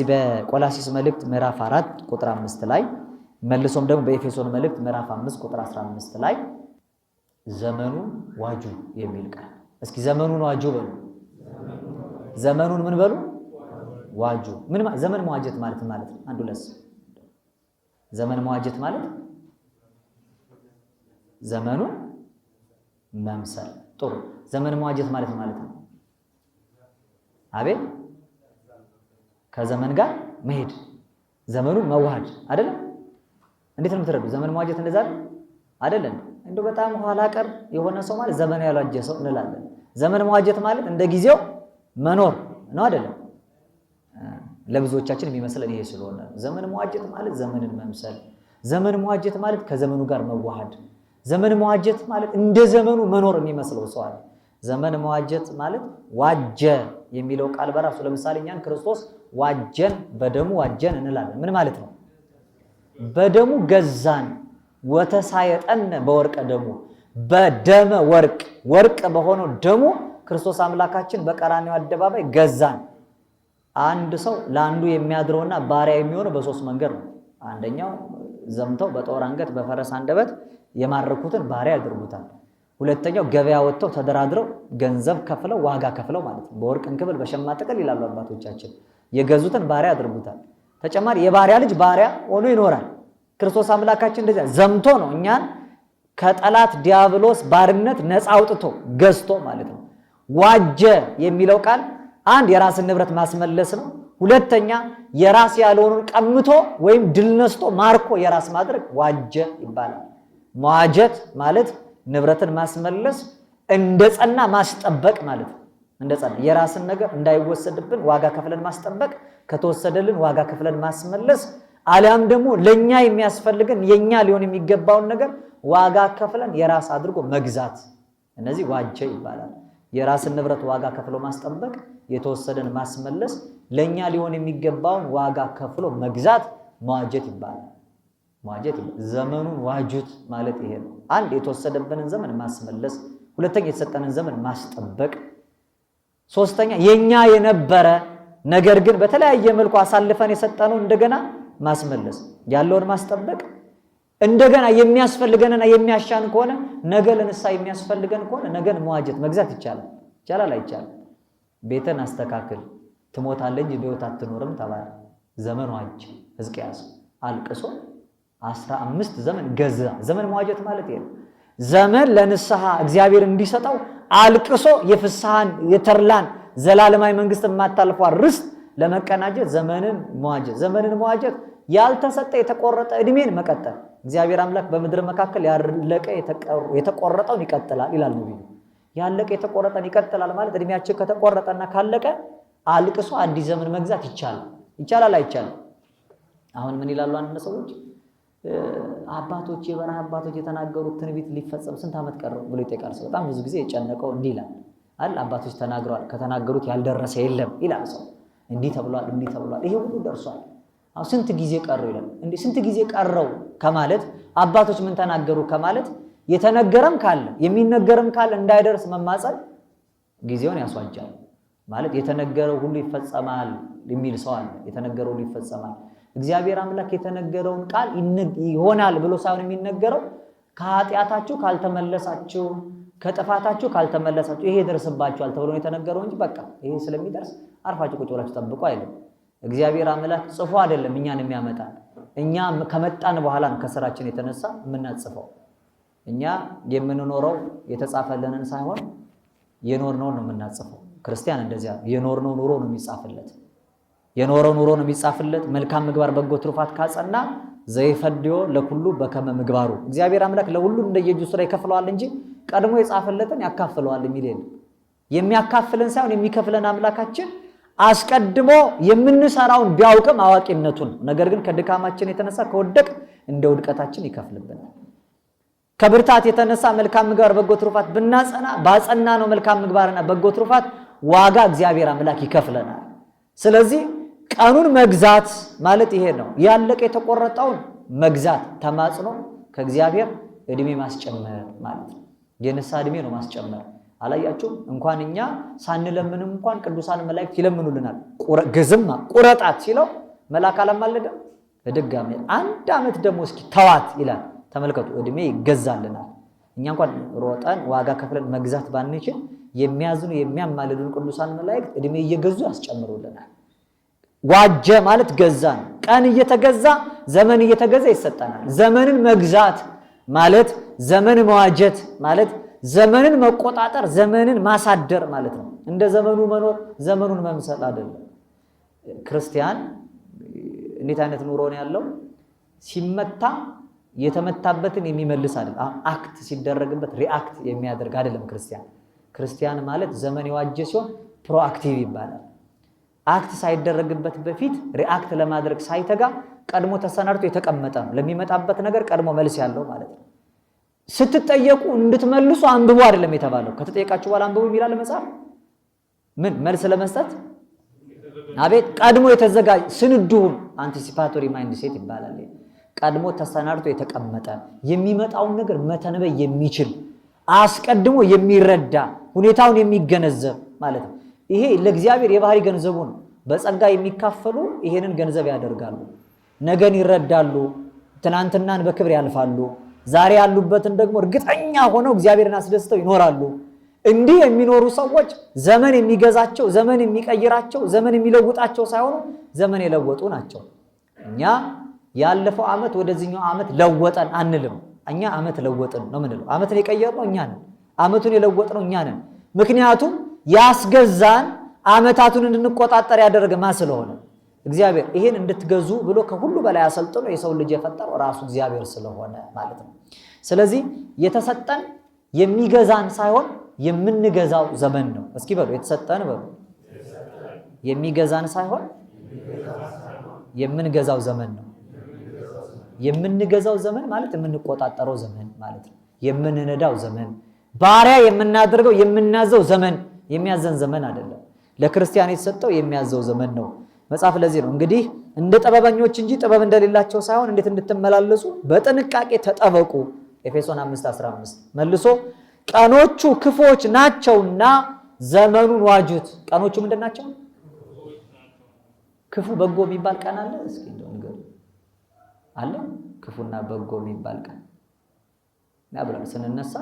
እዚህ በቆላሲስ መልእክት ምዕራፍ 4 ቁጥር 5 ላይ መልሶም ደግሞ በኤፌሶን መልእክት ምዕራፍ 5 ቁጥር 15 ላይ ዘመኑን ዋጁ የሚል ቃል። እስኪ ዘመኑን ዋጁ በሉ። ዘመኑን ምን በሉ? ዋጁ። ምን ዘመን መዋጀት ማለት ማለት ነው? አንዱ ለስ ዘመን መዋጀት ማለት ዘመኑን መምሰል። ጥሩ። ዘመን መዋጀት ማለት ማለት ነው። አቤት ከዘመን ጋር መሄድ ዘመኑን መዋሃድ አይደለም። እንዴት ነው የምትረዱ? ዘመን መዋጀት እንደዛ አይደለም። እንደው በጣም ኋላ ቀር የሆነ ሰው ማለት ዘመን ያልዋጀ ሰው እንላለን። ዘመን መዋጀት ማለት እንደ ጊዜው መኖር ነው አይደለም። ለብዙዎቻችን የሚመስለን ይሄ ስለሆነ ዘመን መዋጀት ማለት ዘመንን መምሰል፣ ዘመን መዋጀት ማለት ከዘመኑ ጋር መዋሃድ፣ ዘመን መዋጀት ማለት እንደ ዘመኑ መኖር የሚመስለው ሰው አለ። ዘመን መዋጀት ማለት ዋጀ የሚለው ቃል በራሱ ለምሳሌ እኛን ክርስቶስ ዋጀን፣ በደሙ ዋጀን እንላለን። ምን ማለት ነው? በደሙ ገዛን። ወተሳየጠነ በወርቀ ደሙ፣ በደመ ወርቅ፣ ወርቅ በሆነው ደሙ ክርስቶስ አምላካችን በቀራንዮ አደባባይ ገዛን። አንድ ሰው ለአንዱ የሚያድረውና ባሪያ የሚሆነው በሶስት መንገድ ነው። አንደኛው ዘምተው በጦር አንገት በፈረስ አንደበት የማረኩትን ባሪያ ያደርጉታል። ሁለተኛው ገበያ ወጥተው ተደራድረው ገንዘብ ከፍለው ዋጋ ከፍለው ማለት ነው። በወርቅ እንክብል በሸማ ጥቅል ይላሉ አባቶቻችን። የገዙትን ባሪያ አድርጉታል። ተጨማሪ የባሪያ ልጅ ባሪያ ሆኖ ይኖራል። ክርስቶስ አምላካችን እንደዚያ ዘምቶ ነው እኛን ከጠላት ዲያብሎስ ባርነት ነፃ አውጥቶ ገዝቶ ማለት ነው። ዋጀ የሚለው ቃል አንድ የራስን ንብረት ማስመለስ ነው። ሁለተኛ የራስ ያልሆኑን ቀምቶ ወይም ድል ነስቶ ማርኮ የራስ ማድረግ ዋጀ ይባላል። መዋጀት ማለት ንብረትን ማስመለስ እንደ ጸና ማስጠበቅ ማለት ነው። እንደ ጸና የራስን ነገር እንዳይወሰድብን ዋጋ ከፍለን ማስጠበቅ፣ ከተወሰደልን ዋጋ ከፍለን ማስመለስ፣ አሊያም ደግሞ ለኛ የሚያስፈልግን የኛ ሊሆን የሚገባውን ነገር ዋጋ ከፍለን የራስ አድርጎ መግዛት። እነዚህ ዋጀ ይባላል። የራስን ንብረት ዋጋ ከፍሎ ማስጠበቅ፣ የተወሰደን ማስመለስ፣ ለኛ ሊሆን የሚገባውን ዋጋ ከፍሎ መግዛት መዋጀት ይባላል። መዋጀት ዘመኑን ዋጁት ማለት ይሄ ነው። አንድ የተወሰደብንን ዘመን ማስመለስ፣ ሁለተኛ የተሰጠንን ዘመን ማስጠበቅ፣ ሶስተኛ የኛ የነበረ ነገር ግን በተለያየ መልኩ አሳልፈን የሰጠነው እንደገና ማስመለስ፣ ያለውን ማስጠበቅ፣ እንደገና የሚያስፈልገንና የሚያሻን ከሆነ ነገ ለንሳ የሚያስፈልገን ከሆነ ነገን መዋጀት መግዛት ይቻላል። ይቻላል አይቻልም? ቤተን አስተካክል ትሞታለህ እንጂ በሕይወት አትኖርም ተባለ። ዘመኑ አጭር ሕዝቅያስ አልቅሶ አስራ አምስት ዘመን ገዛ። ዘመን መዋጀት ማለት ይሄ ዘመን ለንስሐ እግዚአብሔር እንዲሰጠው አልቅሶ የፍስሐን የተርላን ዘላለማዊ መንግስት የማታልፏ ርስት ለመቀናጀት ዘመንን መዋጀት። ዘመንን መዋጀት ያልተሰጠ የተቆረጠ እድሜን መቀጠል። እግዚአብሔር አምላክ በምድር መካከል ያለቀ የተቆረጠውን ይቀጥላል ይላል ነው። ያለቀ የተቆረጠን ይቀጥላል ማለት እድሜያችን ከተቆረጠና ካለቀ አልቅሶ አዲስ ዘመን መግዛት ይቻላል። ይቻላል አይቻልም? አሁን ምን ይላሉ አንዳንድ ሰዎች አባቶች የበረሃ አባቶች የተናገሩት ትንቢት ሊፈጸም ስንት ዓመት ቀረው ብሎ ይጠይቃል ሰው። በጣም ብዙ ጊዜ የጨነቀው እንዲህ ይላል አይደል? አባቶች ተናግረዋል፣ ከተናገሩት ያልደረሰ የለም ይላል ሰው። እንዲህ ተብሏል፣ እንዲህ ተብሏል፣ ይሄ ሁሉ ደርሷል፣ አሁን ስንት ጊዜ ቀረው ይላል። እንዲህ ስንት ጊዜ ቀረው ከማለት አባቶች ምን ተናገሩ ከማለት የተነገረም ካለ የሚነገርም ካለ እንዳይደርስ መማፀን ጊዜውን ያስዋጃል ማለት የተነገረው ሁሉ ይፈጸማል የሚል ሰው አለ። የተነገረው ሁሉ ይፈጸማል እግዚአብሔር አምላክ የተነገረውን ቃል ይሆናል ብሎ ሳይሆን የሚነገረው ከኃጢአታችሁ ካልተመለሳችሁ ከጥፋታችሁ ካልተመለሳችሁ ይሄ ይደርስባችኋል ተብሎ የተነገረው እንጂ በቃ ይሄ ስለሚደርስ አርፋችሁ ቁጭ ብላችሁ ጠብቁ አይልም። እግዚአብሔር አምላክ ጽፎ አይደለም እኛን የሚያመጣ እኛ ከመጣን በኋላ ከስራችን የተነሳ የምናጽፈው። እኛ የምንኖረው የተጻፈልንን ሳይሆን የኖርነውን ነው የምናጽፈው። ክርስቲያን እንደዚያ የኖርነው ኑሮ ነው የሚጻፍለት። የኖረ ኑሮ ነው የሚጻፍለት። መልካም ምግባር፣ በጎ ትሩፋት ካጸና ዘይፈድዮ ለኩሉ በከመ ምግባሩ እግዚአብሔር አምላክ ለሁሉም እንደየእጁ ስራ ይከፍለዋል እንጂ ቀድሞ የጻፈለትን ያካፍለዋል የሚል የለም። የሚያካፍለን ሳይሆን የሚከፍለን አምላካችን አስቀድሞ የምንሰራውን ቢያውቅም አዋቂነቱን፣ ነገር ግን ከድካማችን የተነሳ ከወደቅ እንደ ውድቀታችን ይከፍልብናል። ከብርታት የተነሳ መልካም ምግባር በጎ ትሩፋት ብናጸና ባጸና ነው መልካም ምግባርና በጎ ትሩፋት ዋጋ እግዚአብሔር አምላክ ይከፍለናል። ስለዚህ ቀኑን መግዛት ማለት ይሄ ነው። ያለቀ የተቆረጠውን መግዛት ተማጽኖ ከእግዚአብሔር እድሜ ማስጨመር ማለት ነው። የነሳ እድሜ ነው ማስጨመር። አላያችሁም? እንኳን እኛ ሳንለምንም እንኳን ቅዱሳን መላእክት ይለምኑልናል። ግዝማ ቁረጣት ሲለው መልአክ አላማለደም። በድጋሚ አንድ ዓመት ደግሞ እስኪ ተዋት ይላል። ተመልከቱ፣ እድሜ ይገዛልናል። እኛ እንኳን ሮጠን ዋጋ ከፍለን መግዛት ባንችል የሚያዝኑ የሚያማልዱን ቅዱሳን መላእክት እድሜ እየገዙ ያስጨምሩልናል። ዋጀ ማለት ገዛ ነው። ቀን እየተገዛ ዘመን እየተገዛ ይሰጠናል። ዘመንን መግዛት ማለት ዘመን መዋጀት ማለት ዘመንን መቆጣጠር፣ ዘመንን ማሳደር ማለት ነው። እንደ ዘመኑ መኖር፣ ዘመኑን መምሰል አይደለም። ክርስቲያን እንዴት አይነት ኑሮ ነው ያለው? ሲመታ የተመታበትን የሚመልስ አይደለም። አክት ሲደረግበት ሪአክት የሚያደርግ አይደለም። ክርስቲያን ክርስቲያን ማለት ዘመን የዋጀ ሲሆን ፕሮአክቲቭ ይባላል። አክት ሳይደረግበት በፊት ሪአክት ለማድረግ ሳይተጋ ቀድሞ ተሰናድቶ የተቀመጠ ነው። ለሚመጣበት ነገር ቀድሞ መልስ ያለው ማለት ነው። ስትጠየቁ እንድትመልሱ አንብቡ አይደለም የተባለው። ከተጠየቃችሁ በኋላ አንብቡ የሚላል መጽሐፍ ምን መልስ ለመስጠት አቤት ቀድሞ የተዘጋጀ ስንዱን አንቲሲፓቶሪ ማይንድ ሴት ይባላል። ቀድሞ ተሰናድቶ የተቀመጠ የሚመጣውን ነገር መተንበይ የሚችል አስቀድሞ የሚረዳ ሁኔታውን የሚገነዘብ ማለት ነው። ይሄ ለእግዚአብሔር የባህሪ ገንዘቡ ነው። በጸጋ የሚካፈሉ ይሄንን ገንዘብ ያደርጋሉ። ነገን ይረዳሉ። ትናንትናን በክብር ያልፋሉ። ዛሬ ያሉበትን ደግሞ እርግጠኛ ሆነው እግዚአብሔርን አስደስተው ይኖራሉ። እንዲህ የሚኖሩ ሰዎች ዘመን የሚገዛቸው፣ ዘመን የሚቀይራቸው፣ ዘመን የሚለውጣቸው ሳይሆኑ ዘመን የለወጡ ናቸው። እኛ ያለፈው ዓመት ወደዚህኛው ዓመት ለወጠን አንልም። እኛ ዓመት ለወጥን ነው ምንለው። ዓመትን የቀየርነው እኛ ነን። ዓመቱን የለወጥነው እኛ ነን። ምክንያቱም ያስገዛን ዓመታቱን እንድንቆጣጠር ያደረገ ማ ስለሆነ እግዚአብሔር ይህን እንድትገዙ ብሎ ከሁሉ በላይ አሰልጥኖ የሰውን ልጅ የፈጠረው ራሱ እግዚአብሔር ስለሆነ ማለት ነው። ስለዚህ የተሰጠን የሚገዛን ሳይሆን የምንገዛው ዘመን ነው። እስኪ በሉ የተሰጠን በሉ የሚገዛን ሳይሆን የምንገዛው ዘመን ነው። የምንገዛው ዘመን ማለት የምንቆጣጠረው ዘመን ማለት ነው። የምንነዳው ዘመን፣ ባሪያ የምናደርገው የምናዘው ዘመን የሚያዘን ዘመን አይደለም። ለክርስቲያን የተሰጠው የሚያዘው ዘመን ነው። መጽሐፍ ለዚህ ነው እንግዲህ እንደ ጥበበኞች እንጂ ጥበብ እንደሌላቸው ሳይሆን እንዴት እንድትመላለሱ በጥንቃቄ ተጠበቁ። ኤፌሶን 5:15 መልሶ ቀኖቹ ክፎች ናቸውና ዘመኑን ዋጁት። ቀኖቹ ምንድን ናቸው? ክፉ በጎ የሚባል ቀን አለ? እስኪ ንገሩ አለ? ክፉና በጎ የሚባል ቀን ብለን ስንነሳ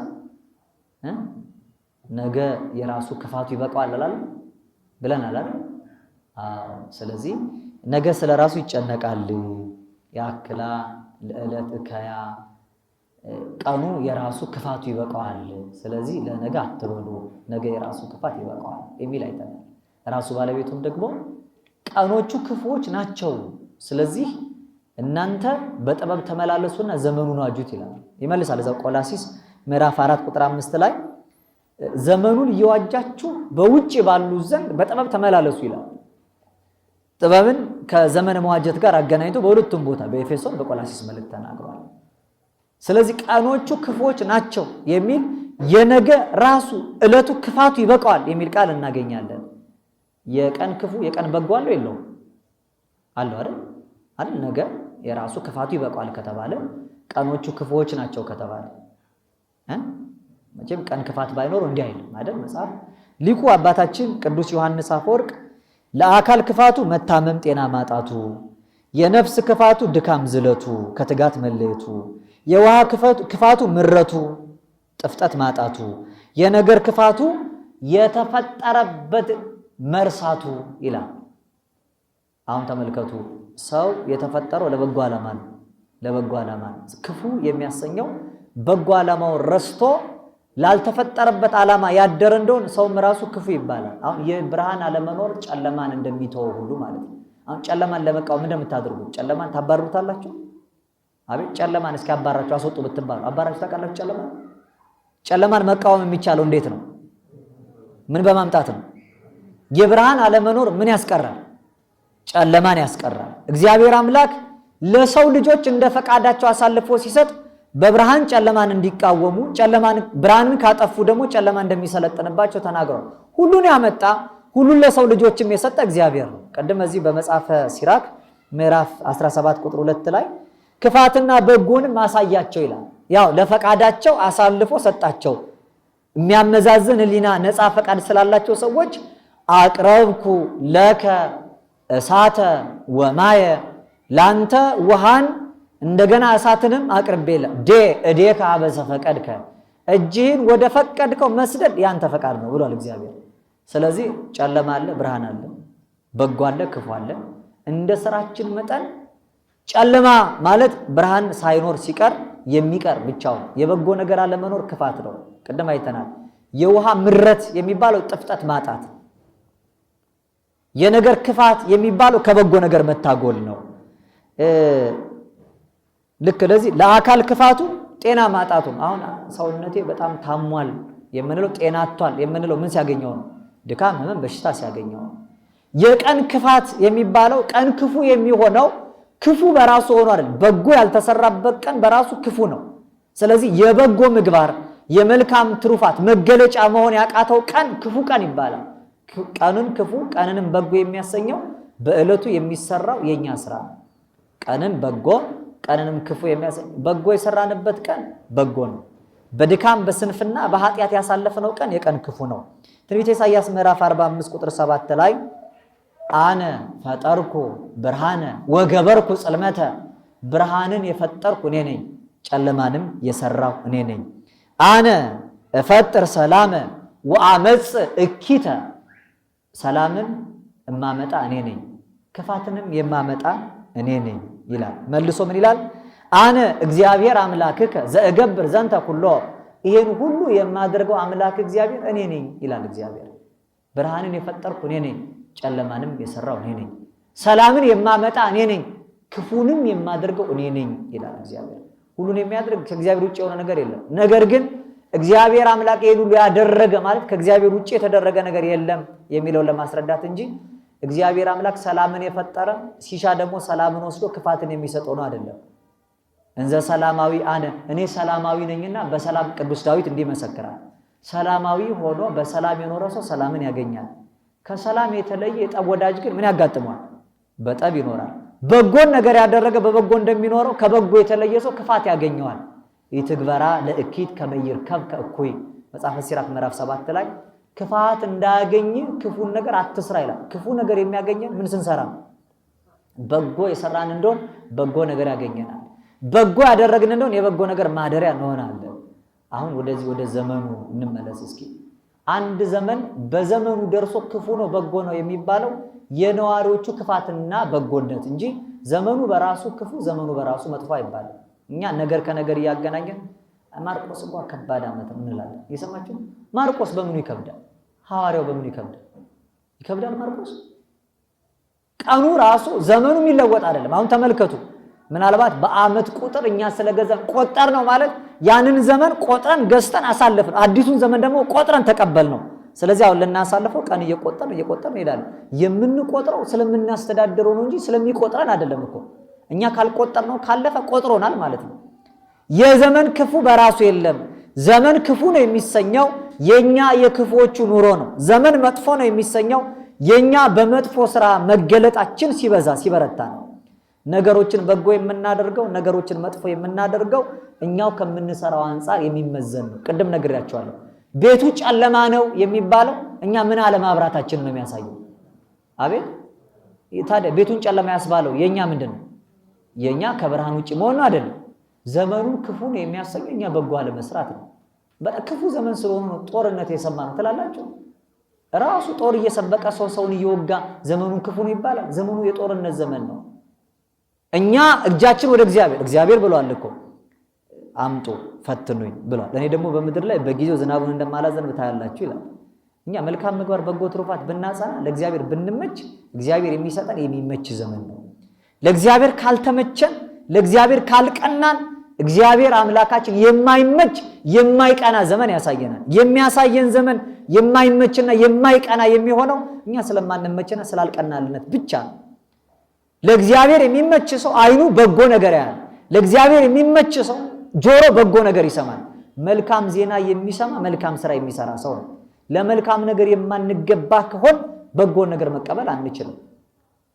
ነገ የራሱ ክፋቱ ይበቃዋል አላል ብለን አላል። ስለዚህ ነገ ስለ ራሱ ይጨነቃል። ያክላ ለዕለት እከያ ቀኑ የራሱ ክፋቱ ይበቃዋል። ስለዚህ ለነገ አትበሉ፣ ነገ የራሱ ክፋት ይበቃዋል የሚል አይተናል። ራሱ ባለቤቱም ደግሞ ቀኖቹ ክፉዎች ናቸው፣ ስለዚህ እናንተ በጥበብ ተመላለሱና ዘመኑን አጁት ይላል። ይመልሳል እዛው ቆላሲስ ምዕራፍ አራት ቁጥር አምስት ላይ ዘመኑን እየዋጃችሁ በውጭ ባሉ ዘንድ በጥበብ ተመላለሱ ይላል። ጥበብን ከዘመን መዋጀት ጋር አገናኝቶ በሁለቱም ቦታ በኤፌሶን በቆላሲስ መልእክት ተናግሯል። ስለዚህ ቀኖቹ ክፎች ናቸው የሚል የነገ ራሱ እለቱ ክፋቱ ይበቃዋል የሚል ቃል እናገኛለን። የቀን ክፉ የቀን በጎ አለው የለውም? አለው አይደል አይደል? ነገ የራሱ ክፋቱ ይበቃዋል ከተባለ ቀኖቹ ክፉዎች ናቸው ከተባለ መቼም ቀን ክፋት ባይኖር እንዲህ አይልም አይደል መጽሐፍ። ሊቁ አባታችን ቅዱስ ዮሐንስ አፈወርቅ ለአካል ክፋቱ መታመም ጤና ማጣቱ፣ የነፍስ ክፋቱ ድካም ዝለቱ ከትጋት መለየቱ፣ የውሃ ክፋቱ ምረቱ ጥፍጠት ማጣቱ፣ የነገር ክፋቱ የተፈጠረበት መርሳቱ ይላል። አሁን ተመልከቱ፣ ሰው የተፈጠረው ለበጎ ዓላማ ነው። ለበጎ ዓላማ ክፉ የሚያሰኘው በጎ ዓላማውን ረስቶ ላልተፈጠረበት ዓላማ ያደረ እንደሆን ሰውም ራሱ ክፉ ይባላል። አሁን የብርሃን አለመኖር ጨለማን እንደሚተወ ሁሉ ማለት ነው። አሁን ጨለማን ለመቃወም እንደምታደርጉት ጨለማን ታባርሩታላችሁ። አቤት ጨለማን እስኪ አባራችሁ አስወጡ ብትባሉ አባራችሁ ታውቃላችሁ? ጨለማ ጨለማን መቃወም የሚቻለው እንዴት ነው? ምን በማምጣት ነው? የብርሃን አለመኖር ምን ያስቀራል? ጨለማን ያስቀራል። እግዚአብሔር አምላክ ለሰው ልጆች እንደ ፈቃዳቸው አሳልፎ ሲሰጥ በብርሃን ጨለማን እንዲቃወሙ ጨለማን ብርሃንን ካጠፉ ደግሞ ጨለማ እንደሚሰለጥንባቸው ተናግረዋል። ሁሉን ያመጣ ሁሉን ለሰው ልጆችም የሰጠ እግዚአብሔር ነው። ቅድም እዚህ በመጽሐፈ ሲራክ ምዕራፍ 17 ቁጥር 2 ላይ ክፋትና በጎንም አሳያቸው ይላል። ያው ለፈቃዳቸው አሳልፎ ሰጣቸው። የሚያመዛዝን ሕሊና ነፃ ፈቃድ ስላላቸው ሰዎች አቅረብኩ ለከ እሳተ ወማየ ላንተ ውሃን እንደገና እሳትንም አቅርቤለ ዴ እዴ ከአበዘ ፈቀድከ እጅህን ወደ ፈቀድከው መስደድ ያንተ ፈቃድ ነው ብሏል እግዚአብሔር። ስለዚህ ጨለማ አለ፣ ብርሃን አለ፣ በጎ አለ፣ ክፉ አለ። እንደ ስራችን መጠን ጨለማ ማለት ብርሃን ሳይኖር ሲቀር የሚቀር ብቻው የበጎ ነገር አለመኖር ክፋት ነው። ቅድም አይተናል። የውሃ ምረት የሚባለው ጥፍጠት ማጣት፣ የነገር ክፋት የሚባለው ከበጎ ነገር መታጎል ነው። ልክ ለዚህ ለአካል ክፋቱ ጤና ማጣቱ አሁን ሰውነቴ በጣም ታሟል የምንለው ጤና አጥቷል የምንለው ምን ሲያገኘው ነው? ድካም፣ ህመም፣ በሽታ ሲያገኘው ነው። የቀን ክፋት የሚባለው ቀን ክፉ የሚሆነው ክፉ በራሱ ሆኖ አይደል፣ በጎ ያልተሰራበት ቀን በራሱ ክፉ ነው። ስለዚህ የበጎ ምግባር የመልካም ትሩፋት መገለጫ መሆን ያቃተው ቀን ክፉ ቀን ይባላል። ቀኑን ክፉ ቀንንም በጎ የሚያሰኘው በእለቱ የሚሰራው የኛ ስራ ነው። ቀንን በጎ ቀንንም ክፉ የሚያሰ በጎ የሰራንበት ቀን በጎ ነው። በድካም በስንፍና በኃጢአት ያሳለፍነው ቀን የቀን ክፉ ነው። ትንቢተ ኢሳያስ ምዕራፍ 45 ቁጥር 7 ላይ አነ ፈጠርኩ ብርሃነ ወገበርኩ ጽልመተ፣ ብርሃንን የፈጠርኩ እኔ ነኝ፣ ጨለማንም የሰራው እኔ ነኝ። አነ እፈጥር ሰላመ ወአመጽ እኪተ፣ ሰላምን እማመጣ እኔ ነኝ፣ ክፋትንም የማመጣ እኔ ነኝ። ይላል። መልሶ ምን ይላል? አነ እግዚአብሔር አምላክከ ዘእገብር ዘንተ ኩሎ፣ ይሄን ሁሉ የማደርገው አምላክ እግዚአብሔር እኔ ነኝ ይላል እግዚአብሔር። ብርሃንን የፈጠርኩ እኔ ነኝ፣ ጨለማንም የሰራው እኔ ነኝ፣ ሰላምን የማመጣ እኔ ነኝ፣ ክፉንም የማደርገው እኔ ነኝ ይላል እግዚአብሔር። ሁሉን የሚያደርግ ከእግዚአብሔር ውጭ የሆነ ነገር የለም። ነገር ግን እግዚአብሔር አምላክ ይሄን ሁሉ ያደረገ ማለት ከእግዚአብሔር ውጭ የተደረገ ነገር የለም የሚለውን ለማስረዳት እንጂ እግዚአብሔር አምላክ ሰላምን የፈጠረ ሲሻ ደግሞ ሰላምን ወስዶ ክፋትን የሚሰጠው ነው አይደለም። እንዘ ሰላማዊ አነ እኔ ሰላማዊ ነኝና በሰላም ቅዱስ ዳዊት እንዲህ መሰክራል። ሰላማዊ ሆኖ በሰላም የኖረ ሰው ሰላምን ያገኛል። ከሰላም የተለየ የጠብ ወዳጅ ግን ምን ያጋጥመዋል? በጠብ ይኖራል። በጎን ነገር ያደረገ በበጎ እንደሚኖረው ከበጎ የተለየ ሰው ክፋት ያገኘዋል። ይትግበራ ለእኪት ከመይርከብ ከእኩይ መጽሐፈ ሲራክ ምዕራፍ ሰባት ላይ ክፋት እንዳያገኝ ክፉን ነገር አትስራ ይላል። ክፉ ነገር የሚያገኘን ምን ስንሰራ ነው? በጎ የሰራን እንደሆን በጎ ነገር ያገኘናል። በጎ ያደረግን እንደሆን የበጎ ነገር ማደሪያ እንሆናለን። አሁን ወደዚህ ወደ ዘመኑ እንመለስ እስኪ። አንድ ዘመን በዘመኑ ደርሶ ክፉ ነው በጎ ነው የሚባለው የነዋሪዎቹ ክፋትና በጎነት እንጂ ዘመኑ በራሱ ክፉ ዘመኑ በራሱ መጥፎ አይባልም። እኛ ነገር ከነገር እያገናኘን ማርቆስ እንኳ ከባድ ዓመት እንላለን። የሰማችሁ ማርቆስ በምኑ ይከብዳል? ሐዋርያው በምን ይከብዳል? ይከብዳል ማርቆስ። ቀኑ ራሱ ዘመኑ የሚለወጥ አይደለም። አሁን ተመልከቱ። ምናልባት በአመት ቁጥር እኛ ስለገዛን ቆጠር ነው ማለት ያንን ዘመን ቆጥረን ገዝተን አሳለፍ ነው። አዲሱን ዘመን ደግሞ ቆጥረን ተቀበል ነው። ስለዚህ አሁን ልናሳልፈው ቀን እየቆጠርን እየቆጠርን እንሄዳለን። የምንቆጥረው ስለምናስተዳድረው ነው እንጂ ስለሚቆጥረን አይደለም እኮ። እኛ ካልቆጠር ነው ካለፈ ቆጥሮናል ማለት ነው። የዘመን ክፉ በራሱ የለም። ዘመን ክፉ ነው የሚሰኘው የኛ የክፉዎቹ ኑሮ ነው። ዘመን መጥፎ ነው የሚሰኘው የኛ በመጥፎ ስራ መገለጣችን ሲበዛ ሲበረታ ነው። ነገሮችን በጎ የምናደርገው ነገሮችን መጥፎ የምናደርገው እኛው ከምንሰራው አንጻር የሚመዘን ነው። ቅድም ነግሬያቸዋለሁ። ቤቱ ጨለማ ነው የሚባለው እኛ ምን አለማብራታችን ነው የሚያሳየው። አቤት ታዲያ ቤቱን ጨለማ ያስባለው የእኛ ምንድን ነው? የእኛ ከብርሃን ውጭ መሆኑ አይደለም። ዘመኑን ክፉ ነው የሚያሰኘው እኛ በጎ አለመስራት ነው። ክፉ ዘመን ስለሆነ ነው ጦርነት የሰማ ነው ትላላችሁ። ራሱ ጦር እየሰበቀ ሰው ሰውን እየወጋ ዘመኑ ክፉ ነው ይባላል። ዘመኑ የጦርነት ዘመን ነው። እኛ እጃችን ወደ እግዚአብሔር እግዚአብሔር ብለዋል እኮ አምጡ ፈትኑኝ ብሏል። እኔ ደግሞ በምድር ላይ በጊዜው ዝናቡን እንደማላዘንብ ታያላችሁ ይላል። እኛ መልካም ምግባር፣ በጎ ትሩፋት ብናጸና፣ ለእግዚአብሔር ብንመች፣ እግዚአብሔር የሚሰጠን የሚመች ዘመን ነው። ለእግዚአብሔር ካልተመቸን፣ ለእግዚአብሔር ካልቀናን እግዚአብሔር አምላካችን የማይመች የማይቀና ዘመን ያሳየናል። የሚያሳየን ዘመን የማይመችና የማይቀና የሚሆነው እኛ ስለማንመችና ስላልቀናልነት ብቻ ነው። ለእግዚአብሔር የሚመች ሰው አይኑ በጎ ነገር ያያል። ለእግዚአብሔር የሚመች ሰው ጆሮ በጎ ነገር ይሰማል። መልካም ዜና የሚሰማ መልካም ስራ የሚሰራ ሰው ነው። ለመልካም ነገር የማንገባ ከሆን በጎን ነገር መቀበል አንችልም።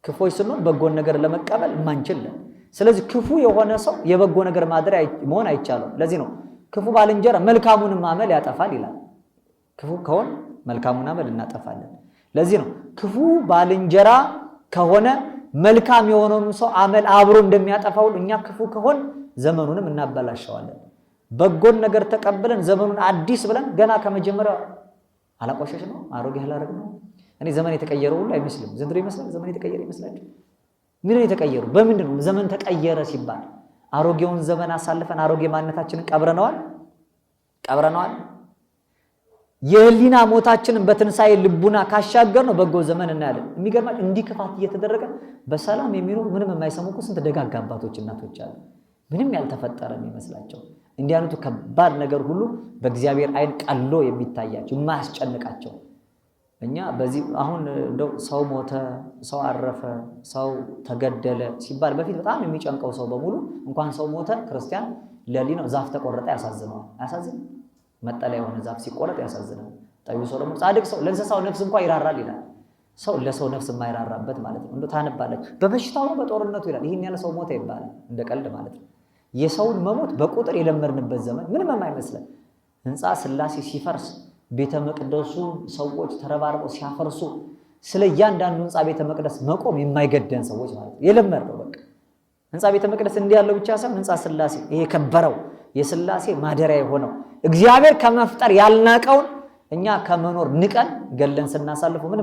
ክፎች ስንሆን በጎን ነገር ለመቀበል ማንችልም። ስለዚህ ክፉ የሆነ ሰው የበጎ ነገር ማድረ መሆን አይቻለም። ለዚህ ነው ክፉ ባልንጀራ መልካሙንም አመል ያጠፋል ይላል። ክፉ ከሆን መልካሙን አመል እናጠፋለን። ለዚህ ነው ክፉ ባልንጀራ ከሆነ መልካም የሆነውን ሰው አመል አብሮ እንደሚያጠፋ እኛ ክፉ ከሆን ዘመኑንም እናበላሸዋለን። በጎን ነገር ተቀብለን ዘመኑን አዲስ ብለን ገና ከመጀመሪያ አላቆሸሽ ነው አሮጌ ያላረግ ነው። እኔ ዘመን የተቀየረ ሁሉ አይመስልም። ዘንድሮ ይመስላል። ዘመን የተቀየረ ይመስላል። ምንድን የተቀየሩ? በምንድን ነው ዘመን ተቀየረ ሲባል አሮጌውን ዘመን አሳልፈን አሮጌ ማንነታችንን ቀብረነዋል ቀብረነዋል። የህሊና ሞታችንን በትንሣኤ ልቡና ካሻገር ነው በጎ ዘመን እናያለን። የሚገርማል እንዲህ ክፋት እየተደረገ በሰላም የሚኖሩ ምንም የማይሰሙ እኮ ስንት ደጋጋ አባቶች እናቶች አሉ። ምንም ያልተፈጠረ የሚመስላቸው እንዲህ አይነቱ ከባድ ነገር ሁሉ በእግዚአብሔር አይን ቀሎ የሚታያቸው የማያስጨንቃቸው እኛ በዚህ አሁን እንደው ሰው ሞተ፣ ሰው አረፈ፣ ሰው ተገደለ ሲባል በፊት በጣም የሚጨንቀው ሰው በሙሉ እንኳን ሰው ሞተ ክርስቲያን ለሊ ነው ዛፍ ተቆረጠ ያሳዝነዋል። አያሳዝን? መጠለያ የሆነ ዛፍ ሲቆረጥ ያሳዝናል። ጠቢው ሰው ደግሞ ጻድቅ ሰው ለእንስሳው ነፍስ እንኳን ይራራል ይላል። ሰው ለሰው ነፍስ የማይራራበት ማለት ነው። እንደው ታነባለች። በበሽታው በጦርነቱ ይላል። ይህን ያለ ሰው ሞተ ይባላል። እንደ ቀልድ ማለት ነው። የሰውን መሞት በቁጥር የለመድንበት ዘመን ምንም የማይመስለን ህንፃ ስላሴ ሲፈርስ ቤተ መቅደሱ ሰዎች ተረባርበው ሲያፈርሱ ስለ እያንዳንዱ ህንፃ ቤተ መቅደስ መቆም የማይገደን ሰዎች ማለት የለመድነው በቃ ህንፃ ቤተ መቅደስ እንዲህ ያለው ብቻ ሳይሆን ህንፃ ስላሴ ይሄ የከበረው የስላሴ ማደሪያ የሆነው እግዚአብሔር ከመፍጠር ያልናቀውን እኛ ከመኖር ንቀን ገለን ስናሳልፉ ምን